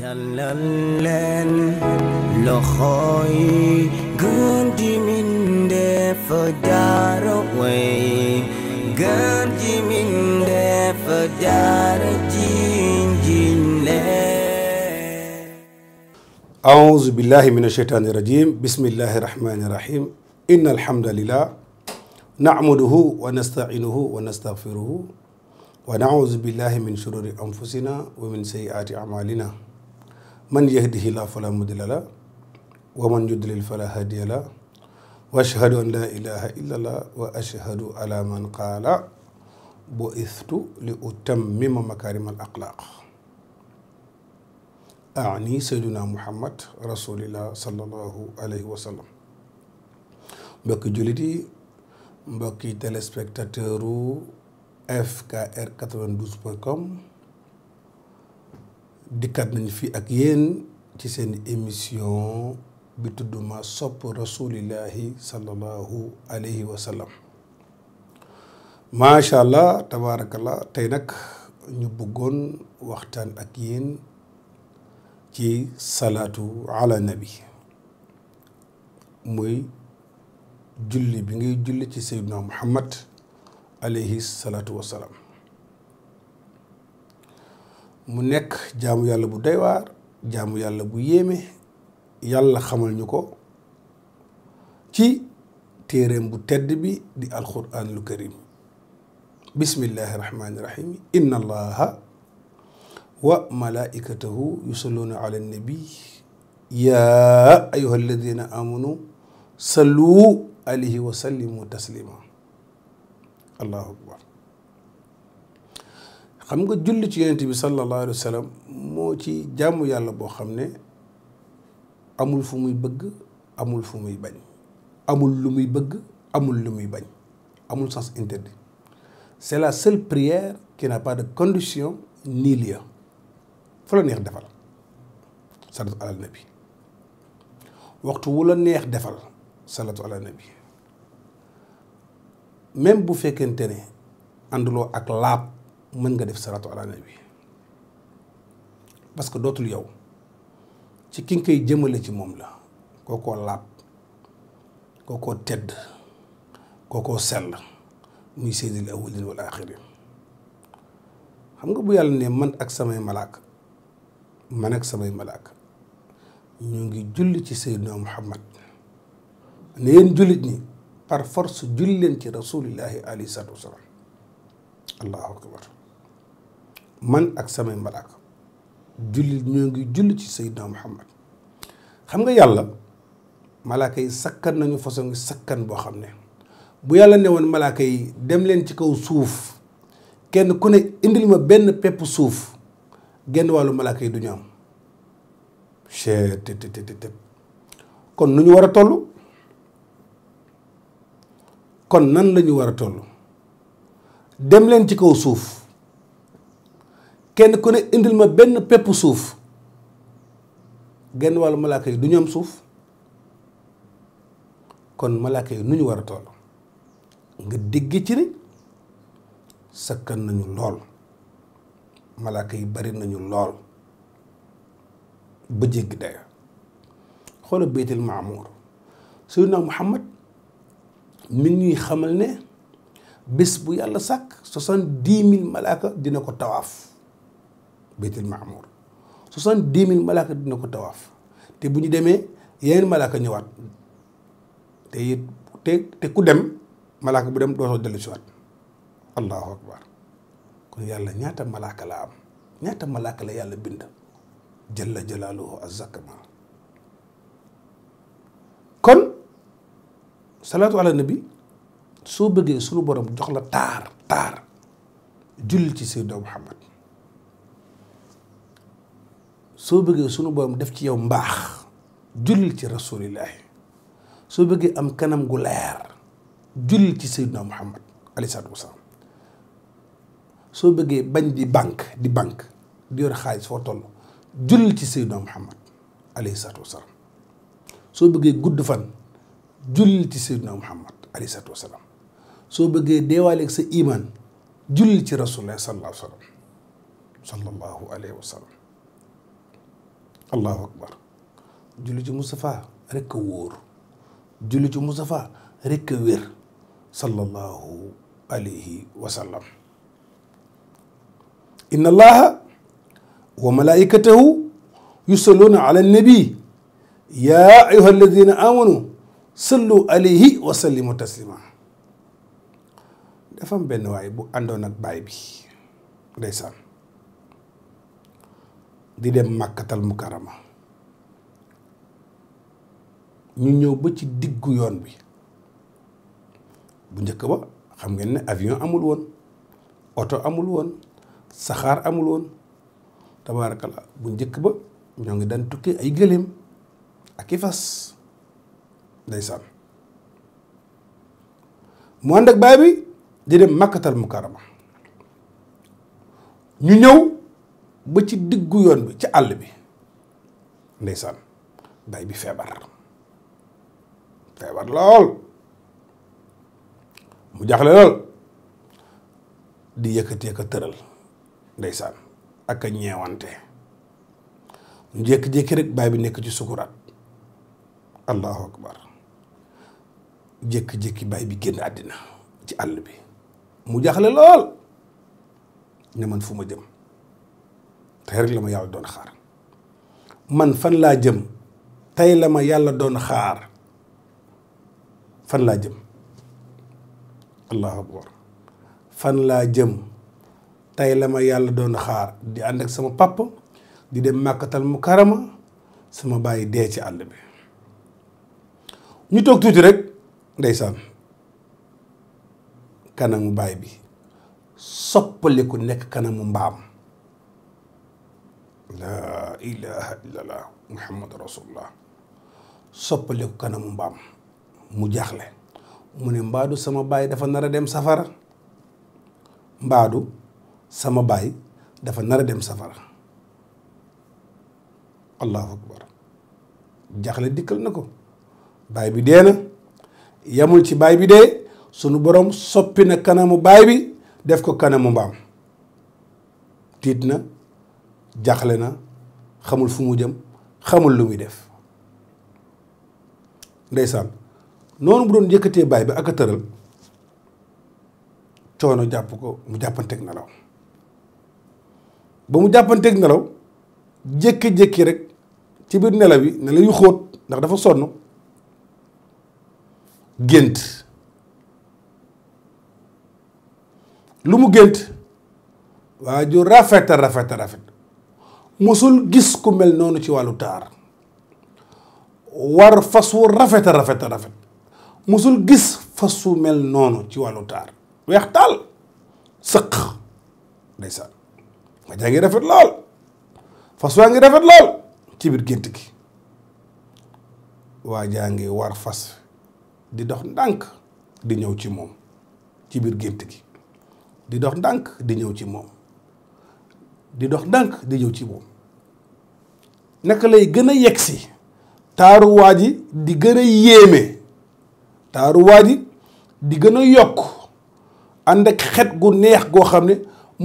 tàllal leen loxo yi gën di mindeef daara way gën di mindeef daara jinjin leen aouzu billahi min asheytaani rajim bismillahi rahmaani rahim inna alhamdulillah nahmaduhu wa nasta'inuhu wa nastaghfiruhu wa na'uuzu billahi min shururi anfusina wa min sayyi'aati a'maalina من يهده الله فلا مضل له ومن يضلل فلا هادي له واشهد ان لا اله الا الله واشهد على من قال بعثت لاتمم مكارم الاخلاق اعني سيدنا محمد رسول الله صلى الله عليه وسلم mbokki jullit yi mbokki téléspectateur u fkr 92 point com dikkat nañu fi ak yéen ci seen émission bi tudd ma sopp rasulillahi sallallahu alayhi wa sallam allah tabaarakallah tey nag ñu bëggoon waxtaan ak yéen ci salaatu ala nabi muy julli bi ngay julli ci sayyidina muhammad alayhi salaatu wa mu nekk jaamu yàlla bu doy jaamu yàlla bu yéeme yàlla xamal ñu ko ci téereem bu tedd bi di alquranul karim bismillahi rahmaani rahim inna allaha wa malaikatahu yusalluuna ala nabi yaa ayuha wa sallimu taslima allahu akbar xam nga julli ci yonent bi sallallahu alayhi moo ci jàmm yàlla boo xam ne amul fu muy bëgg amul fu muy bañ amul lu muy bëgg amul lu muy bañ amul sens interdit c'est la seule prière qui n'a pas de condition ni lieu fu la neex defal salatu ala nabi waxtu wu neex defal salatu ala nabi même bu fekkente ne ànduloo ak laab mën nga def salaatu ala nabi parce que dootul yow ci ki nga koy jëmale ci moom la kookoo laab kookoo tedd kookoo sell muy seydil awalin wal axirin xam nga bu yàlla ne man ak samay malaak man ak samay malaak ñu ngi julli ci seydina muhammad ne yéen jullit ñi par force julli leen ci rasulillahi alayhi salaatu wasalaam allahu akbar man ak samay malaaka julli ñu ngi julli ci Seydina Muhammad xam nga yàlla malaaka yi sakkan nañu façon sakkan boo xam ne bu yàlla ne woon malaaka yi dem leen ci kaw suuf kenn ku ne indil ma benn pepp suuf genn wàllu malaaka yi du ñu am chettëtëtëp kon nu ñu war a toll kon nan lañu ñu war a toll ci kaw suuf kenn ku ne indil ma benn pepp suuf genn wàll malaaka yi du ñu am suuf kon malaaka yi nu ñu war a toll nga dégg ci ni sakkan nañu lool malaaka yi bari nañu lool ba jéggi daya xoola beytil maamuur sayyidina Muhammad mi ñuy xamal ne bés bu yàlla sàkk soixante-dix mille malaaka dina ko tawaaf baytul maamour soixante dix mille malaaka dina ko tawaaf te bu ñu demee yeneen malaaka ñëwaat te it te te ku dem malaaka bu dem dootoo dellu si waat allahu akbar kon yàlla ñaata malaaka la am ñaata malaaka la yàlla bind jalla jalaaluhu azzakama kon salaatu ala nabi soo bëggee sunu borom jox la taar taar julli ci Seydina Muhammad soo bëggee sunu borom def ci yow mbaax jullil ci rasulillahi soo bëggee am kanam gu leer jullil ci sayyidina muhammad alayhi salaatu wasalaam soo bëggee bañ di banque di banque ci sayyidina muhammad soo bëggee gudd fan jullil ci sayyidina muhammad alayhi salaatu wasalaam soo bëggee deewaaleeg sa imaan jullil ci rasulullah sallallahu alayhi wa sallam sallallahu wa sallam allahu akbar julli ci Moustapha rek a wóor julli ci sallallahu alayhi wa inna allaha wa malaikatahu yusalluuna ala annabi wa taslima dafa am benn waay bu àndoon di dem màkkatal mukarama ñu ñëw ba ci diggu yoon bi bu njëkk ba xam ngeen ne avion amul woon oto amul woon saxaar amul woon tabaarakala bu njëkk ba ñoo ngi daan tukkee ay gëléem ak i fas ndeysaan mu ànd ak baay bi di dem màkkatal mukarama ñu ñëw ba ci diggu yoon bi ci àll bi ndeysaan day bi feebar feebar lool mu jaxle lool di yëkkatee ko tëral ndeysaan ak a ñeewante ñu jëkki jékki rek baay bi nekk ci sukuraat allahu akbar jékki-jékki baay bi génn àddina ci àll bi mu jaxle lool ne fu ma jëm tey rek la ma yàlla doon xaar man fan laa jëm tey la ma yàlla doon xaar fan laa jëm allahu akbar fan laa jëm tey la ma yàlla doon xaar di ànd ak sama papa di dem màkkatal mu karama sama bàyyi dee ci àll bi ñu toog tuuti rek ndeysaan kanamu baay bi soppaliku nekk kanamu mbaam laa ilaha illallah muhammad rasulullah soppaleku kanamu mbaam mu jaxle mu ne mbaadu sama baay dafa nar a dem safara mbaadu sama baay dafa nar a dem safara allahu akbar jaaxle dikkal na ko baay bi dee na yamul ci baay bi dee sunu borom soppi na kanamu baay bi def ko kanamu mbaam tiit na jaaxle na xamul fu mu jëm xamul lu muy def ndeysaan noonu bu doon yëkkatee baay bi ak a tëral coono jàpp ko mu jàppanteek nelaw ba mu jàppanteek nelaw jékki-jékki rek ci biir nelaw yi nelaw yu xóot ndax dafa sonn gént lu mu gént waa ju rafeta rafeta rafet musul gis ku mel noonu ci wàllu taar war fas wu rafet a rafet a rafet musul gis fas wu mel noonu ci wàllu taar weex taal sëq ndeysaan nga jaa ngi rafet lool fas waa ngi rafet lool ci biir gént gi waa jaa ngi war fas di dox ndànk di ñëw ci moom ci biir gént gi di dox ndànk di ñëw ci moom di dox ndànk di jëw ci moom naka lay gën a yegg si taaruwaa di gën a yéeme taaruwaa ji di gën a yokk ànd ak xet gu neex goo xam ne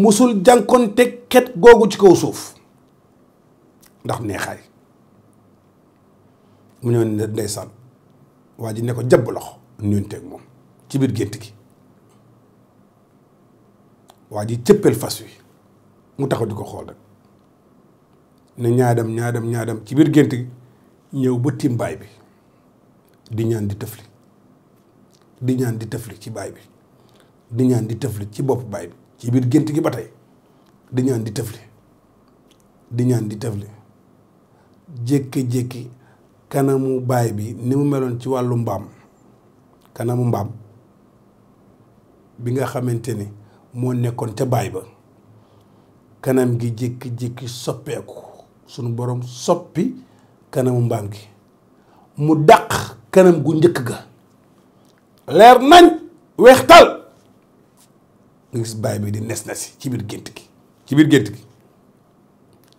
musul jànkonte xet googu ci kaw suuf ndax neexaay mu ñëw ne ndeysaan waa ji ne ko jàpp loxo nuyonteeg moom ci biir gént gi waa ji cëppeel fas wi mu taxaw di ko xool rek ne ñaadam ñaadam ñaadam ci biir gént gi ñëw ba tiim baay bi di ñaan di tëfli di ñaan di tëfli ci baay bi di ñaan di tëfli ci bopp baay bi ci biir gént gi ba tey di ñaan di tëfli di ñaan di tëfli jékki-jékki kanamu baay bi ni mu meloon ci wàllu mbaam kanamu mbaam bi nga xamante ni moo nekkoon ca baay ba kanam gi jékki-jékki soppeeku sunu boroom soppi kanamu mbaam gi mu dàq kanam gu njëkk ga leer nañ weextal nga gis baay bi di nes na si ci biir gént gi ci biir gént gi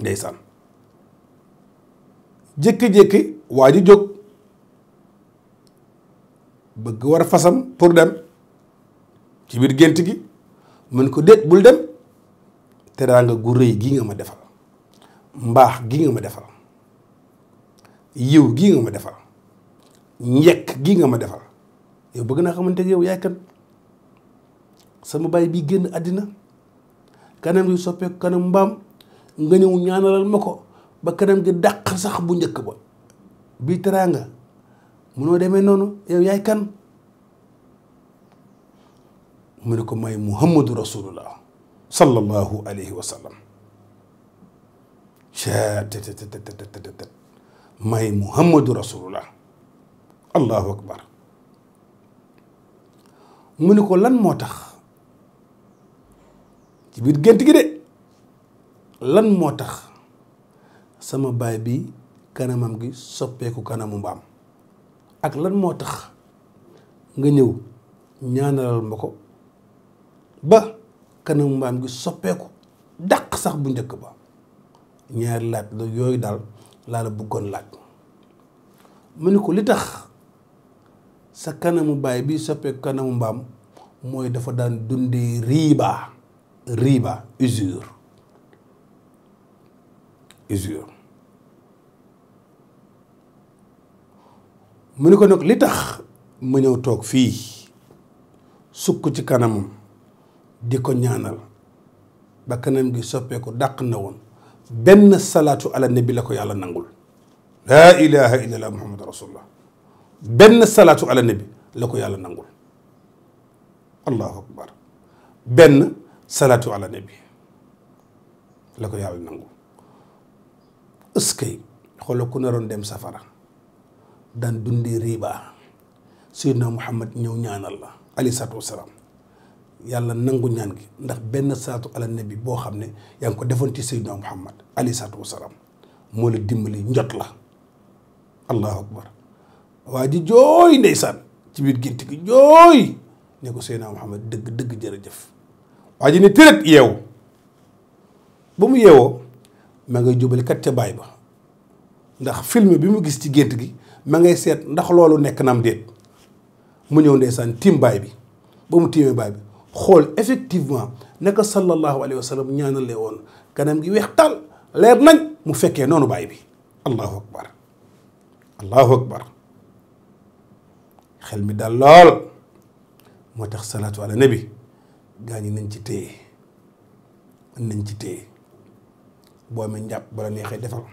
ndeysaan jékki-jékki waa ji jóg bëgg war a fasam pour dem ci biir gént gi mën ko déet bul dem teraanga gu rëy gi nga ma defar mbaax gi nga ma defar yiw gi nga ma defal njekk gii nga ma defal yow bëgg naa xamante yow yaay kan sama bay bi génn àddina kanam gi soppeeku kanam mbaam nga ñëw ñaanalal ma ko ba kanam gi dàq sax bu njëkk ba bii teraanga munoo demee noonu yow yaay kan mu ne ko may muhammadu rasulullah sallallahu alayhi wa sallam cettt may muhammadu rasulullah allahu akbar mu ni ko lan moo tax ci biir gént gi de lan moo tax sama baay bi kanamam gi soppeeku kanamu mbaam ak lan moo tax nga ñëw ñaanalal ma ko ba kanamu mbaam gi soppeeku daq sax bu njëkk ba ñaari laaj la yooyu daal laa la bëggoon laaj mu ne ko li tax sa kanamu baay bi soppeeku kanamu mbaam mooy dafa daan dundee riiba riiba usure usure mu ne ko nag li tax ma ñëw toog fii sug ko ci kanamam di ko ñaanal ba kanam gi soppeeku dàq na woon benn salaatu ala nabi la ko yàlla nangul laa ilaha illallah muhammadu benn salaatu ala nabi la ko yàlla nangul allahu akbar benn salaatu ala nabi la ko yàlla nangul ëskay xolo ku naroon dem safara daan dundi riba na muhammad ñëw ñaanal la alayhi salaatu wasalaam yàlla nangu ñaan gi ndax benn saatu ala nabi boo xam ne yaa ngi ko defoon ci Seydina Muhammad alayhi salaatu wasalaam moo la dimbali njot la allahu akbar waa ji jooy ndeysaan ci biir gént gi jooy ne ko Seydina Muhammad dëgg dëgg jërëjëf waa ji ne tërët yeewu ba mu yeewoo ma ngay jubali ca baay ba ndax film bi mu gis ci gént gi ma ngay seet ndax loolu nekk naam am déet mu ñëw ndeysaan tiim baay bi ba mu tiimee baay bi xool effectivement naka sallallahu alayhi wa sallam ñaanalee woon kanam gi weex tal leer nañ mu fekkee noonu baay bi allahu akbar allahu akbar xel mi daal lool moo tax salaatu ala nabi gaa ñi nañ ci téye nañ ci téye boo amee njàpp bala neexee defal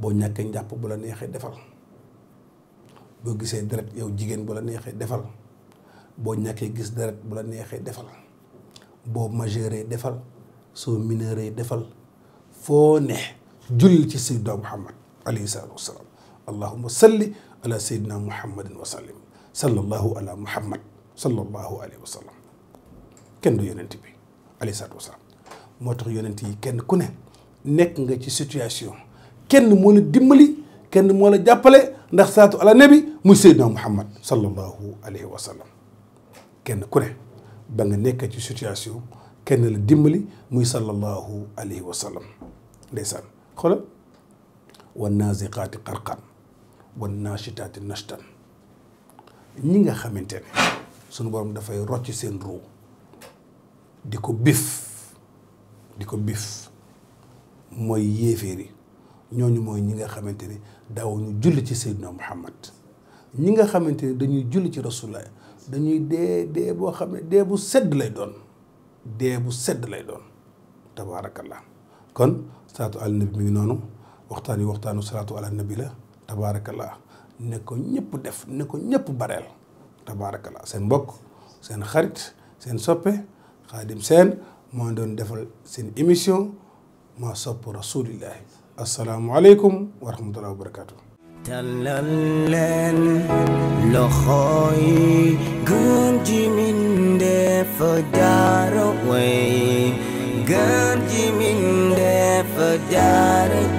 boo ñàkkee njàpp bu la neexee defal boo gisee deret yow jigéen bu la neexee defal boo ñàkkee gis deret bu la neexee defal boo majeuree defal soo mineuree defal foo ne jullil ci sayyidina muhammad alayhi salaatu wasalaam allahuma salli ala sayyidina muhammadin wa sallim sallallahu ala muhammad sallallahu alayhi wa sallam kenn du yonent bi alayhi salaatu wasalaam moo tax yonent yi kenn ku ne nekk nga ci situation kenn moo la dimbali kenn moo la jàppale ndax saatu ala nabi muy sayyidina muhammad sallallahu alayhi wa kenn ku ba nga nekk ci situation kenn la dimbali muy sallallahu alayhi wa xolo ndeysaan xoolal wa naziqaati xarqan wa naashitaati nashtan ñi nga xamante ne sunu borom dafay rocc seen ruu di ko bif di ko bif mooy yéeféeri ñooñu mooy ñi nga xamante ne daawuñu julli ci Seydina Muhammad ñi nga xamante ne dañuy julli ci rasulullah dañuy dee dee boo xam ne dee bu sedd lay doon dee bu sedd lay doon tabaarakallah kon salaatu ala nabi mi ngi noonu waxtaan yi waxtaanu salaatu ala nabi la tabaarakallah ne ko ñëpp def ne ko ñëpp bareel tabaarakallah seen mbokk seen xarit seen soppe xaadim seen moo doon defal seen émission maa sopp rasulillahi asalaamualeykum wa rahmatullahi wa barakatu tàllal leen loxo yi gën ji mindeef jaaro way gën ji mindeef jaaro